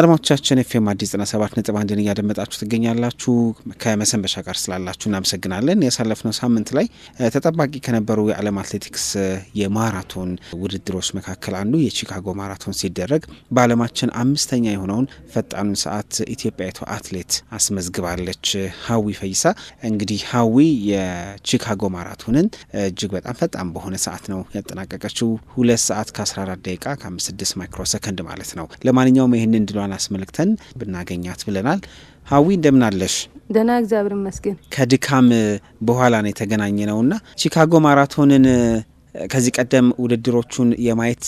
አድማጮቻችን ኤፍኤም አዲስ ነጥብ አንድን እያደመጣችሁ ትገኛላችሁ። ከመሰንበሻ ጋር ስላላችሁ እናመሰግናለን። ያሳለፍነው ሳምንት ላይ ተጠባቂ ከነበሩ የዓለም አትሌቲክስ የማራቶን ውድድሮች መካከል አንዱ የቺካጎ ማራቶን ሲደረግ በዓለማችን አምስተኛ የሆነውን ፈጣኑን ሰዓት ኢትዮጵያዊቷ አትሌት አስመዝግባለች። ሀዊ ፈይሳ እንግዲህ ሀዊ የቺካጎ ማራቶንን እጅግ በጣም ፈጣን በሆነ ሰዓት ነው ያጠናቀቀችው። ሁለት ሰዓት ከ14 ደቂቃ ከ56 ማይክሮ ሰከንድ ማለት ነው። ለማንኛውም ይህንን ጉዳዩን አስመልክተን ብናገኛት ብለናል። ሀዊ እንደምን አለሽ? ደህና እግዚአብሔር ይመስገን። ከድካም በኋላ ነው የተገናኘ እና ቺካጎ ማራቶንን ከዚህ ቀደም ውድድሮቹን የማየት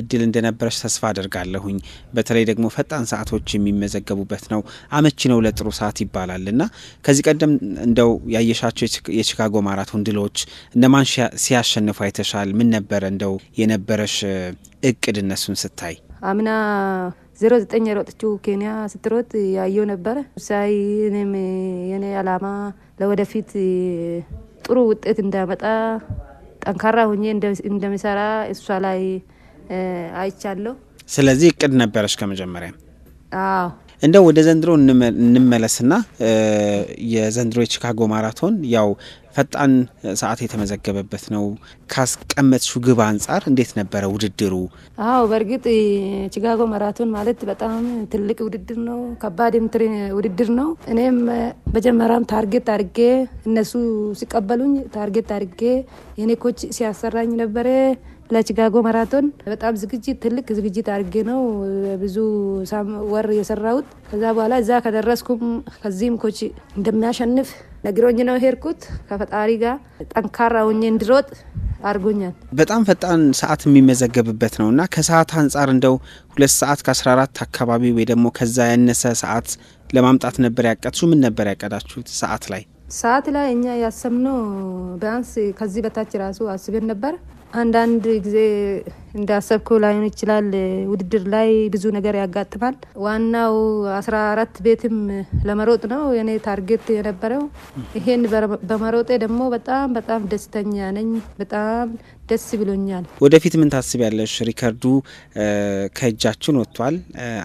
እድል እንደነበረች ተስፋ አድርጋለሁኝ። በተለይ ደግሞ ፈጣን ሰዓቶች የሚመዘገቡበት ነው፣ አመቺ ነው ለጥሩ ሰዓት ይባላል እና ከዚህ ቀደም እንደው ያየሻቸው የቺካጎ ማራቶን ድሎች እነማን ሲያሸንፉ አይተሻል? ምን ነበረ እንደው የነበረሽ እቅድ እነሱን ስታይ አምና ዜሮ ዘጠኝ ሮጥችው ኬንያ ስትሮጥ ያየው ነበረ። ሳይ እኔም የኔ አላማ ለወደፊት ጥሩ ውጤት እንዳመጣ ጠንካራ ሁኜ እንደሚሰራ እሷ ላይ አይቻለሁ። ስለዚህ እቅድ ነበረች ከመጀመሪያ? አዎ። እንደው ወደ ዘንድሮ እንመለስና የዘንድሮ የቺካጎ ማራቶን ያው ፈጣን ሰዓት የተመዘገበበት ነው። ካስቀመጥሽው ግብ አንጻር እንዴት ነበረ ውድድሩ? አዎ በእርግጥ ቺካጎ ማራቶን ማለት በጣም ትልቅ ውድድር ነው። ከባድ ውድድር ነው። እኔም መጀመሪያም ታርጌት አድርጌ እነሱ ሲቀበሉኝ ታርጌት አድርጌ የኔ ኮች ሲያሰራኝ ነበረ ለቺካጎ ማራቶን በጣም ዝግጅት ትልቅ ዝግጅት አድርጌ ነው ብዙ ወር የሰራሁት። ከዛ በኋላ እዛ ከደረስኩም ከዚህም ኮች እንደሚያሸንፍ ነግሮኝ ነው ሄድኩት። ከፈጣሪ ጋር ጠንካራ ሆኜ እንድሮጥ አድርጎኛል። በጣም ፈጣን ሰዓት የሚመዘገብበት ነው እና ከሰዓት አንጻር እንደው ሁለት ሰዓት ከ14 አካባቢ ወይ ደግሞ ከዛ ያነሰ ሰዓት ለማምጣት ነበር ያቀድሱ? ምን ነበር ያቀዳችሁት ሰዓት ላይ? ሰዓት ላይ እኛ ያሰብነው ቢያንስ ከዚህ በታች ራሱ አስቤን ነበር አንዳንድ ጊዜ እንዳሰብከው ላይሆን ይችላል። ውድድር ላይ ብዙ ነገር ያጋጥማል። ዋናው አስራ አራት ቤትም ለመሮጥ ነው የኔ ታርጌት የነበረው። ይሄን በመሮጤ ደግሞ በጣም በጣም ደስተኛ ነኝ። በጣም ደስ ብሎኛል። ወደፊት ምን ታስቢያለሽ? ሪከርዱ ከእጃችን ወጥቷል።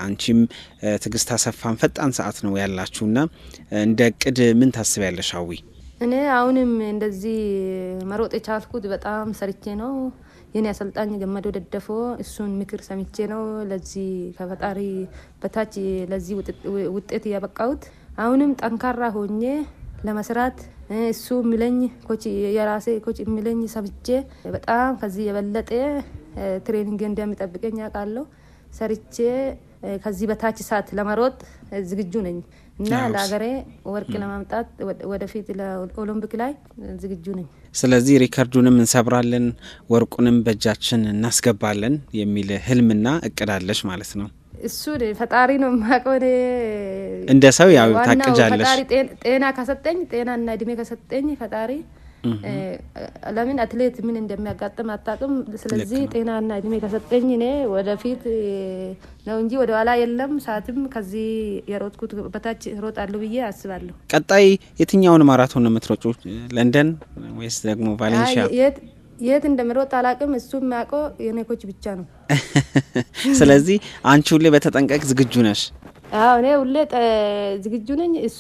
አንቺም ትግስት አሰፋን ፈጣን ሰዓት ነው ያላችሁና እንደ እቅድ ምን ታስቢያለሽ አዊ? እኔ አሁንም እንደዚህ መሮጥ የቻልኩት በጣም ሰርቼ ነው። የኔ አሰልጣኝ ገመዶ ደደፎ እሱን ምክር ሰምቼ ነው ለዚህ ከፈጣሪ በታች ለዚህ ውጤት ያበቃሁት። አሁንም ጠንካራ ሆኜ ለመስራት እሱ የሚለኝ ኮች የራሴ ኮች የሚለኝ ሰምቼ በጣም ከዚህ የበለጠ ትሬኒንግ እንደሚጠብቀኝ ያውቃለሁ ሰርቼ ከዚህ በታች ሰዓት ለመሮጥ ዝግጁ ነኝ እና ለሀገሬ ወርቅ ለማምጣት ወደፊት ለኦሎምፒክ ላይ ዝግጁ ነኝ። ስለዚህ ሪከርዱንም እንሰብራለን፣ ወርቁንም በእጃችን እናስገባለን የሚል ህልምና እቅዳለች ማለት ነው። እሱ ፈጣሪ ነው ማቆን እንደ ሰው ያው ታቅጃለሽ። ጤና ከሰጠኝ ጤና እና እድሜ ከሰጠኝ ፈጣሪ ለምን አትሌት ምን እንደሚያጋጥም አታቅም። ስለዚህ ጤናና እድሜ ከሰጠኝ እኔ ወደፊት ነው እንጂ ወደኋላ የለም። ሰዓትም ከዚህ የሮጥኩት በታች ሮጣሉ ብዬ አስባለሁ። ቀጣይ የትኛውን ማራቶን ነው ለንደን ወይስ ደግሞ ቫሌንሺያ? የት እንደምሮጥ አላቅም እሱ የሚያውቀው የኔኮች ብቻ ነው። ስለዚህ አንቺ ሁሌ በተጠንቀቅ ዝግጁ ነሽ? እኔ ሁሌ ዝግጁ ነኝ። እሱ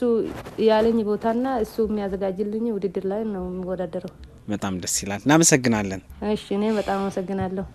ያለኝ ቦታና እሱ የሚያዘጋጅልኝ ውድድር ላይ ነው የሚወዳደረው በጣም ደስ ይላል። እናመሰግናለን። እሺ፣ እኔ በጣም አመሰግናለሁ።